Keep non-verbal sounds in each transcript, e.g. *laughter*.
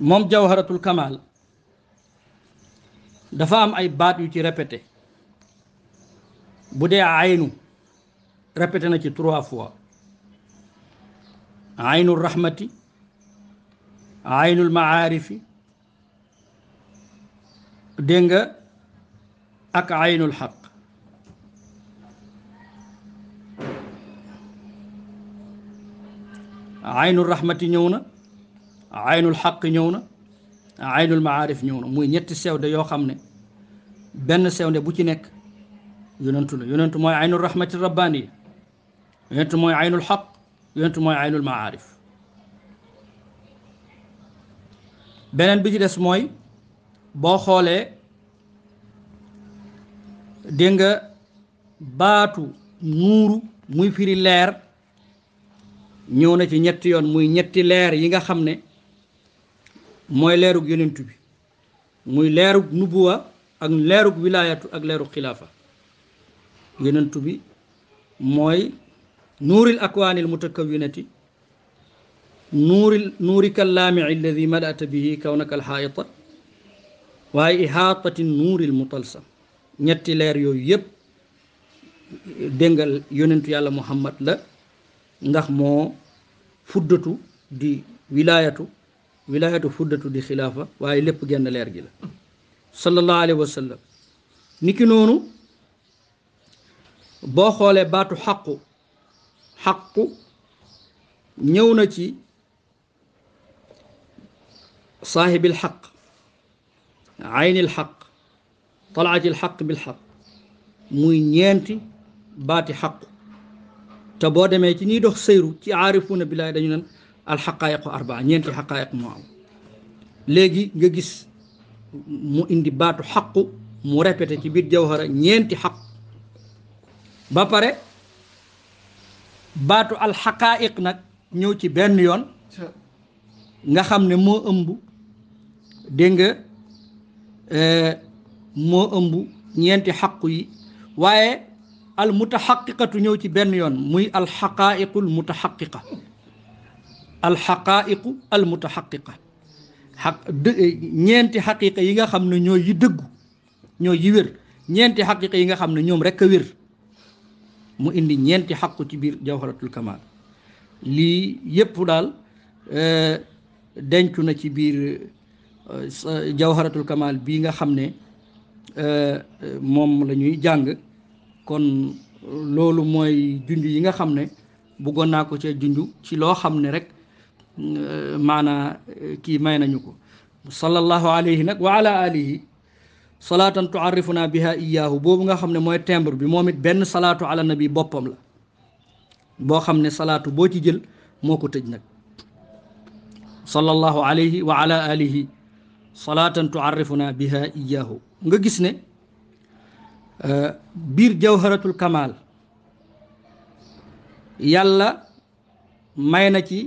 moom jawharatul kamal dafa am ay baat yu ci répété bu dee aynu répété na ci trois fois aynu rahmati aynul maarifi dégg nga ak aynul xaq aynul rahmati ñëw na aynul xaq ñëw na aynul maarif ñëw na muy ñetti sewde yoo xam ne benn sewde bu ci nekk yonentu la yonentu mooy aynul rahmati rabbani yonentu mooy aynul xaq yonentu mooy aynul maarif beneen bi ci des mooy boo xoolee dégg nga baatu nuuru muy firi leer ñëw na ci ñetti yoon muy ñetti leer yi nga xam ne mooy leerug yonent bi muy leerug nubuwa ak leerug wilaayatu ak leerug xilaafa yonent bi mooy nuuril akwaanil mutakawinati nuuril nuurika allaamici alladi madata bihi kawnaka alxaayita waaye ihaatati nuuril mutalsam ñetti leer yooyu yépp déngal yonentu yàlla muhammad la ndax moo fuddatu di wilaayatu wilaayatu fuddatu di xilaafa waaye lépp genn leer gi la sallallahu alayhi wa sallam niki noonu boo xoolee baatu xaqu xaqu ñëw na ci saahibil xaq aynil xaq talaatil xaq bil xaq muy ñeenti baati xaqu te boo demee ci ñiy dox sëyru ci aarifuuna billaay dañu naan alxaqaayiqu arbaa ñeenti xaqaayiq moo am léegi nga gis mu indi baatu xaqu mu répété ci biir jawhara ñeenti xaq ba pare baatu al alxaqaayiq nag ñëw ci benn yoon nga xam ne moo ëmb dégg nga eh, moo ëmb ñeenti xaqu yi waaye al mutaxaqiqatu ñëw ci benn yoon muy alxaqaayiqul mutaxaqiqa alxaqaiqu almutaxaqiqa xaq eh, ñeenti xaqiqa yi nga xam ne ñooy yi dëggu ñooy yi wér ñeenti xaqiqa yi nga xam ne ñoom rek a wér mu indi ñeenti xaqu ci biir jawharatul kamal lii yépp daal eh, dencu na ci biir eh, jawharatul kamal bii nga xam ne moom la ñuy jàng kon loolu mooy junj yi nga xam ne buggoon naa ko cee junj ci loo xam ne rek maanaa kii may nañu ko sallallahu alayhi nag wa ala alihi iyaahu boobu nga xam ne mooy timbre bi moom it benn salaatu ala nabi boppam la boo xam ne salaatu boo ci jël moo ko tëj nag sallallahu alayhi wa ala alihi salaatan tuarrifuna iyaahu nga gis ne euh, biir jawharatul kamal yàlla may na ci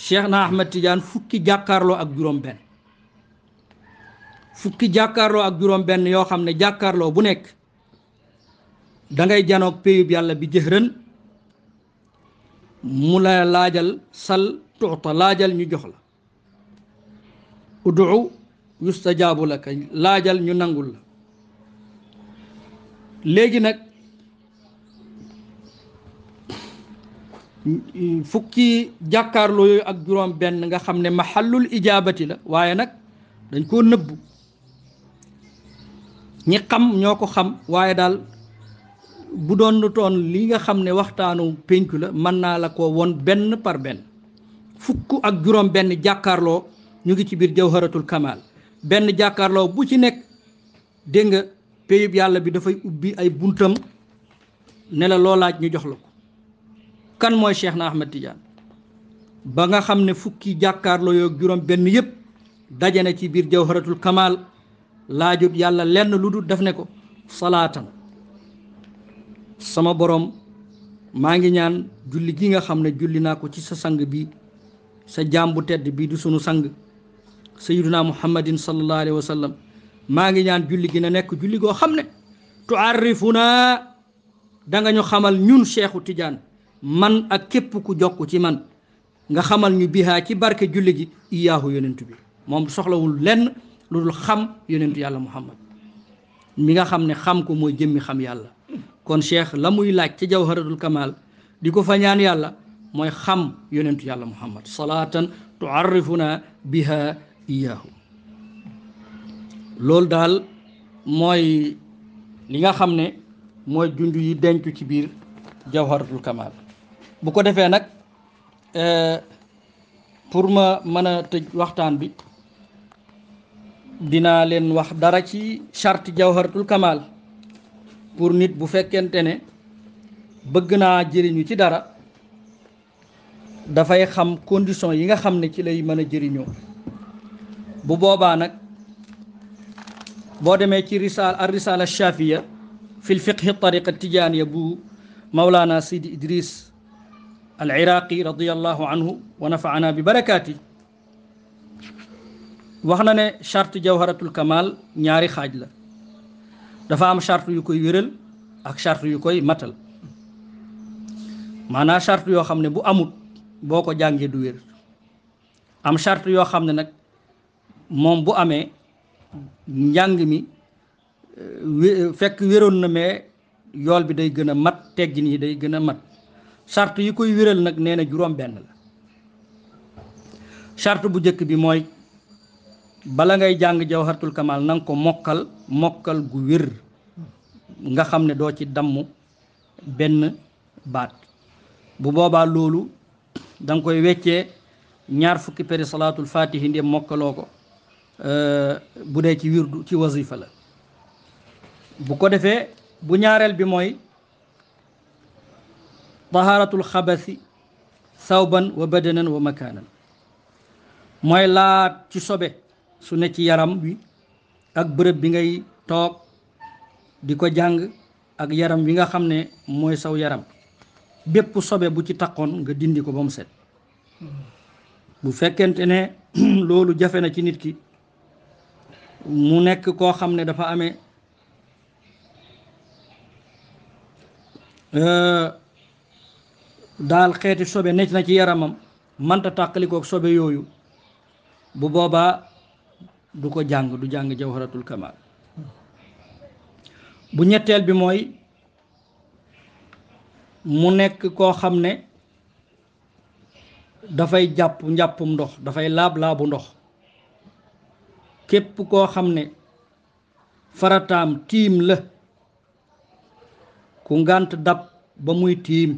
cheikh na ahmad tidiane fukki jàkkaarloo ak juróom benn fukki jàkkaarloo ak juróom benn yoo xam ne jàkkaarloo bu nekk dangay janoog péyub yàlla bi jëxrën mu la laajal sal tuuta laajal ñu jox la udu la laka laajal ñu nangul la léegi nag fukki jàkkaarloo yooyu ak juróom benn nga xam ne mahallul ijaabati la waaye nag dañ koo nëbbu ñi xam ñoo ko xam waaye daal bu doon toon li nga xam ne waxtaanu pénku la mën naa la ko won benn par benn fukk ak juróom benn jàkkaarloo ñu ngi ci biir jawharatul kamal benn jàkkaarloo bu ci nekk dégg nga péyub yàlla bi dafay ubbi ay buntam ne la loolaaj ñu jox la ko kan mooy Cheikh na Ahmed Tidiane ba nga xam ne fukki jàkkaarloo yoo juróom benn yëpp daje ci biir jawharatul kamal laajut yàlla lenn lu dul def ne ko salaatan sama borom maa ngi ñaan julli gi nga xam ne julli naa ko ci sa sang bi sa jàmbu tedd bii du sunu sang sayyiduna muhammadin sallallahu alayhi wa sallam maa ngi ñaan julli gi na nekk julli goo xam ne tuarrifuna da nga ñu xamal ñun cheikhu Tidiane man ak képp ku jokk ci man nga xamal ñu bihaa ci barke julli ji iyaahu yonentu bi moom soxlawul lenn lu xam yonentu yàlla muhammad mi nga xam ne xam ko mooy jëmmi xam yàlla kon cheikh la muy laaj ci jawharatul kamal di ko fa ñaan yàlla mooy xam yonentu yàlla muhammad salaatan tuarrifuna biha iyaahu loolu daal mooy li nga xam ne mooy junj yi dencu ci biir jawharatul kamal bu ko defee nag euh, pour ma mën a tëj waxtaan bi dinaa leen wax dara ci charte jawharatul kamal pour nit bu fekkente ne bëgg naa jëriñu ci dara dafay xam condition yi nga xam ne ci lay mën a jëriñoo bu boobaa nag boo demee ci risal ar risala shafiya fil fiqhi tariqa tijaaniya bu Mawlana Sidi Idris al-Iraaqi radiyallahu anhu wa nafaana bi barakaati wax na ne charte jawharatul kamal ñaari xaaj la dafa am charte yu koy wéral ak charte yu koy matal maanaam charte yoo xam ne bu amut boo ko jàngee du wér am charte yoo xam ne nag moom bu amee njàng mi euh, fekk wéroon na mais yool bi day gën a mat teggin yi day gën a mat charte yi koy wéral nag nee na juróom benn la charte bu njëkk bi mooy bala ngay jàng jawharatul kamal nanga ko mokkal mokkal gu wir nga xam ne doo ci damm benn baat bu boobaa loolu danga koy weccee ñaar fukki peri salaatul fatihi ndem mokkaloo ko euh, bu dee ci wirdu ci wasifa la bu ko defee bu ñaareel bi mooy taharatul xabasi sawban wa badanan wa makaanan mooy laat ci sobe su ne ci yaram wi ak bërëb bi ngay toog di ko jàng ak yaram wi nga xam ne mooy saw yaram bépp sobe bu ci taqoon nga dindi ko ba mu set bu fekkente ne *clears throat* loolu jafe na ci nit ki mu nekk koo xam ne dafa ame euh, daal xeeti sobe nekk na ci yaramam manta tàqalikook sobe yooyu bu boobaa du ko jàng du jàng jawharatul kamal bu ñetteel bi mooy mu nekk koo xam ne dafay jàpp njàppum ndox dafay laab laabu ndox képp koo xam ne farataam tiim la ku ngànt dab ba muy tiim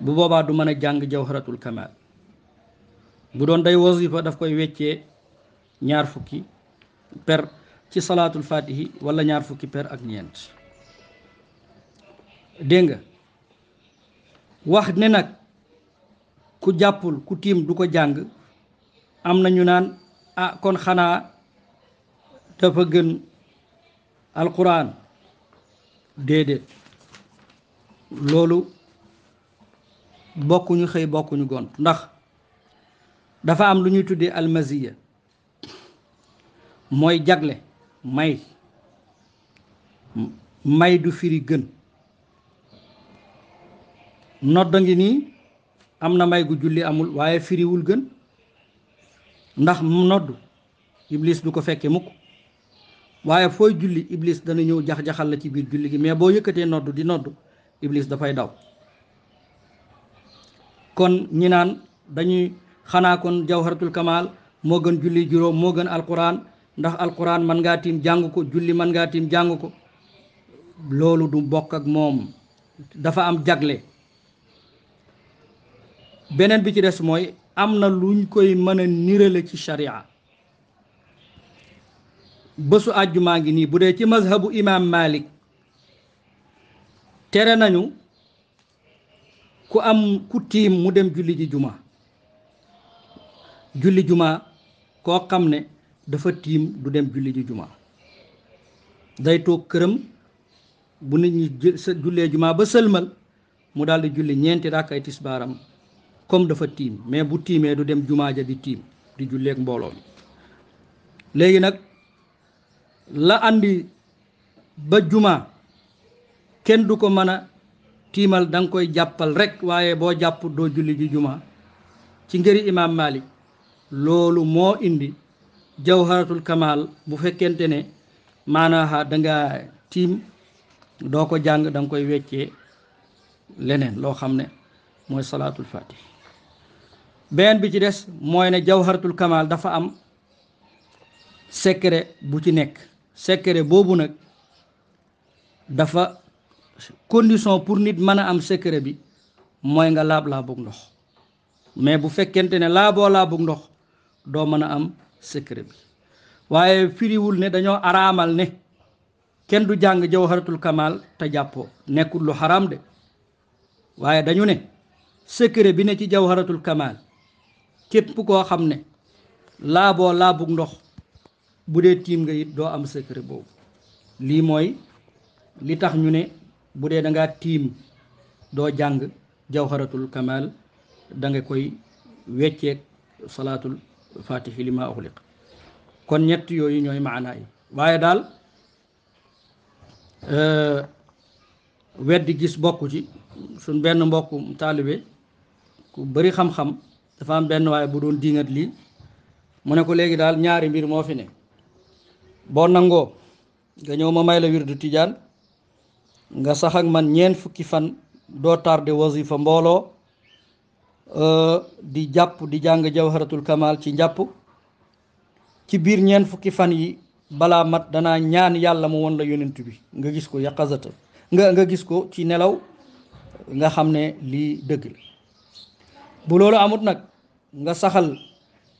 bu boobaa du mën a jàng jawharatul kamal bu doon day wasifa daf koy weccee ñaar fukki per ci salaatul fatihi wala ñaar fukki per ak ñeent dégg wax ne nag ku jàppul ku tiim du ko jàng am na ñu naan ah kon xanaa dafa gën alxuraan déedéet loolu bokkuñu xëy bokkuñu gont ndax dafa am lu ñuy tuddee almasiya mooy jagle may may du firi gën nodda ngi nii am na may gu julli amul waaye firiwul gën ndax nodd iblis du ko fekke mukk waaye fooy julli iblis dana ñëw jax-jaxal la ci biir julli gi mais boo yëkkatee nodd di nodd iblis dafay daw kon ñi naan dañuy xanaa kon jawharatul kamal moo gën julli juróom moo gën alquran ndax alquran man ngaa tiim jàng ko julli man ngaa tiim jàng ko loolu du bokk ak moomu dafa am jagle beneen bi ci des mooy am na luñ koy mën a nirale ci bësu bésu maa ngi nii bu dee ci mazhabu imam malik tere nañu ku am ku tiim mu dem julli ji juma julli juma koo xam ne dafa tiim du dem julli ji juma day toog këram bu nit ñi jullee juma ba sëlmal mu daal di julli ñeenti rakkay tisbaaram comme dafa tiim mais bu tiimee du dem jumaa ja di tiim di julleeg mbooloo mi léegi nag la andi ba juma kenn du ko mën a tiimal danga koy jàppal rek waaye boo jàpp doo julli ji juma ci ngëri imaam Malik loolu moo indi jawharatul kamal bu fekkente ne maanaaha danga nga tiim doo ko jàng danga koy weccee leneen loo xam ne mooy salaatul fatih beneen bi ci des mooy ne jawharatul kamal dafa am secret bu ci nekk secret boobu nag dafa condition pour nit mën a am secret bi mooy nga laab laa ndox mais bu fekkente ne laaboo laa ndox doo mën a am secret bi waaye firiwul ne dañoo araamal ne kenn du jàng jawharatul kamal te jàppoo nekkul lu xaraam de waaye dañu ne secret bi ne ci jawaratul kamal képp koo xam ne laaboo laabug ndox bu dee tiim nga it doo am secret boobu lii mooy li tax ñu ne bu dee danga tiim doo jàng jawharatul kamal danga koy wecceeg salaatul fatihi li ma uxliq kon ñett yooyu ñooy maanaa waaye daal euh, weddi gis bokku ci suñ benn mbokku taalibe ku bari xam-xam dafa am benn waaye bu doon diingat lii mu ne ko léegi daal ñaari mbir moo fi ne boo nangoo nga ñëw ma may la wirdu tijaan nga sax ak man ñeent fukki fan doo tardé wasifa mbooloo euh, di jàpp di jàng jawharatul kamal ci njàpp ci biir ñeent fukki fan yi balaa mat danaa ñaan yàlla mu won la yonent bi nga gis ko yaqazata nga nga gis ko ci nelaw nga xam ne lii dëgg la bu loolu amut nag nga saxal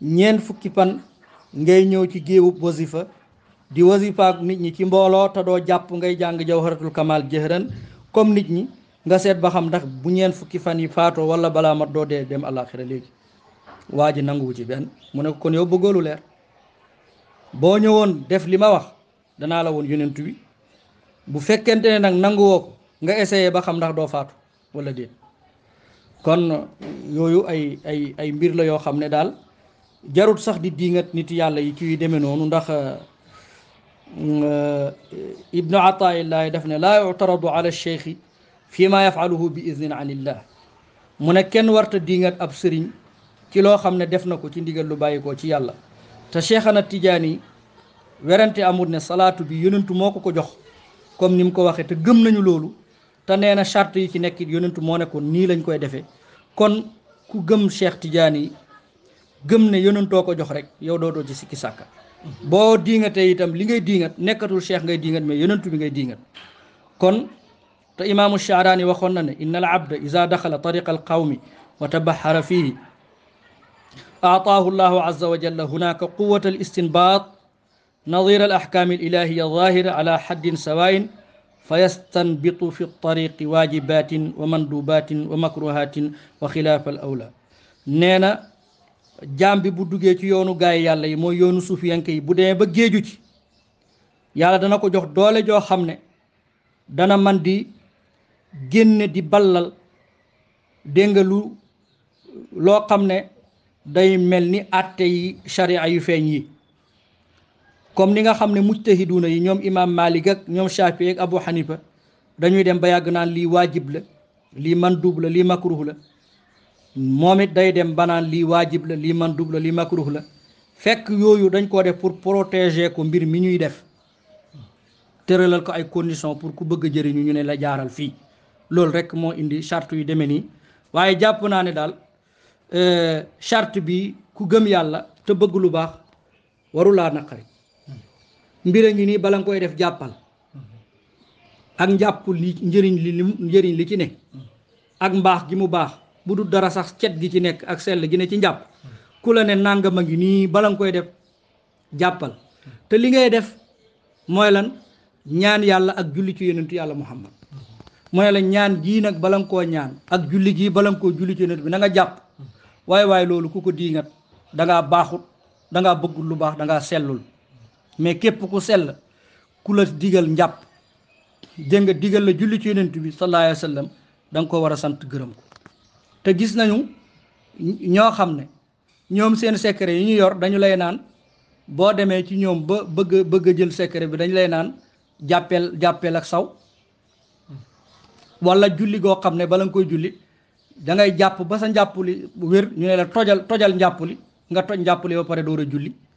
ñeent fukki fan ngay ñëw ci géewub wasifa di wasifaak nit ñi ci mbooloo te doo jàpp ngay jàng jawharatul kamal jëhran comme nit ñi nga seet ba xam ndax bu ñeen fukki fan yi faatoo wala balaa mat doo dee dem àllaaxira léegi waa ji nanguwu ci benn mu ne ko kon yow bëggoolu leer boo ñëwoon def li ma wax danaa la woon yonent bi bu fekkente ne nag nangu ko nga essayé ba xam ndax doo faatu wala déet kon yooyu ay ay ay mbir la yoo xam ne daal jarut sax di diingat nit yàlla yi ci yu demee noonu ndax ibnu ataillahi def na laa yutaradu ala cheikhi fii ma yafaluhu bi idnin an illah mu ne kenn warta dingat ab sëriñ ci loo xam ne def na ko ci ndigal lu bàyyikoo ci yàlla te cheikhana tijaani werante amul ne salaatu bi yonentu moo ko ko jox comme ni mu ko waxee te gëm nañu loolu te nee na charte yi ci nekk yonentu moo nekkoon nii lañ koy defe kon ku gëm cheikh tijaani gëm ne yonentoo ko jox rek yow doodoo ci sikki sàkka boo diingatee itam li ngay diingat nekkatul cheikh ngay diingat mais yonentu bi ngay diingat kon te imaamu Shaaraani waxoon na ne inna al abda ida daxala tariqa al qawmi wa tabaxara fihi aataahu llahu azza wa jalla hunaka quwat al istinbaat nadira al ahkaami al ilahiya zahira ala xaddin sawain fa yastanbitu fi tariqi waajibatin wa mandubatin wa makruhatin wa xilaafa al awla nee na jaam bi bu duggee ci yoonu gaay yàlla yi mooy yoonu suuf suufiyanke yi bu demee ba géeju ci yàlla dana ko jox doole joo xam ne dana man di génne di ballal dégg lu loo xam ne day mel ni àtte yi sharia yu feeñ yi comme ni nga xam ne mujtahiduna yi ñoom imam malik ak ñoom shafi ak abu hanifa dañuy dem ba yàgg naan lii waajib la lii mandub la lii makruh la moom it day dem banaan lii waajib la lii mandub la lii makruh la fekk yooyu dañ koo def pour protéger ko mbir mi ñuy def tëralal ko ay condition pour ku bëgg a jëriñu ñu ne la jaaral fii loolu rek moo indi charte yu demee nii waaye jàpp naa ne daal euh, charte bi ku gëm yàlla te bëgg lu baax warulaa naqari mbir a ngi nii bala nga koy def jàppal ak njàpp li njëriñ li njëriñ li ci ne ak mbaax gi mu baax bu dul dara sax cet gi ci nekk ak sell gi ne ci njàpp ku la ne nangam a ngi nii bala nga koy def jàppal te li ngay def mooy lan ñaan yàlla ak julli ci yonentu yàlla muhammad mooy la ñaan gii nag bala nga koo ñaan ak julli gii bala nga koo julli ci yonent bi nanga jàpp waay waay loolu ku ko diingat dangaa baaxut dangaa bëggul lu baax dangaa sellul mais képp ku sell ku la digal njàpp dégg nga digal la julli ci yonent bi sallallahu alayhi danga sallam ko war a sant gërëm te gis nañu ñoo xam ne ñoom seen secret yi ñu yor dañu lay naan boo demee ci ñoom ba bëgg bëgg jël secret bi dañu lay naan jàppeel jàppeel ak saw wala julli goo xam ne bala nga koy julli dangay jàpp ba sa njàppuli wér ñu ne la tojal tojal njàppuli nga toj njàppuli ba pare door a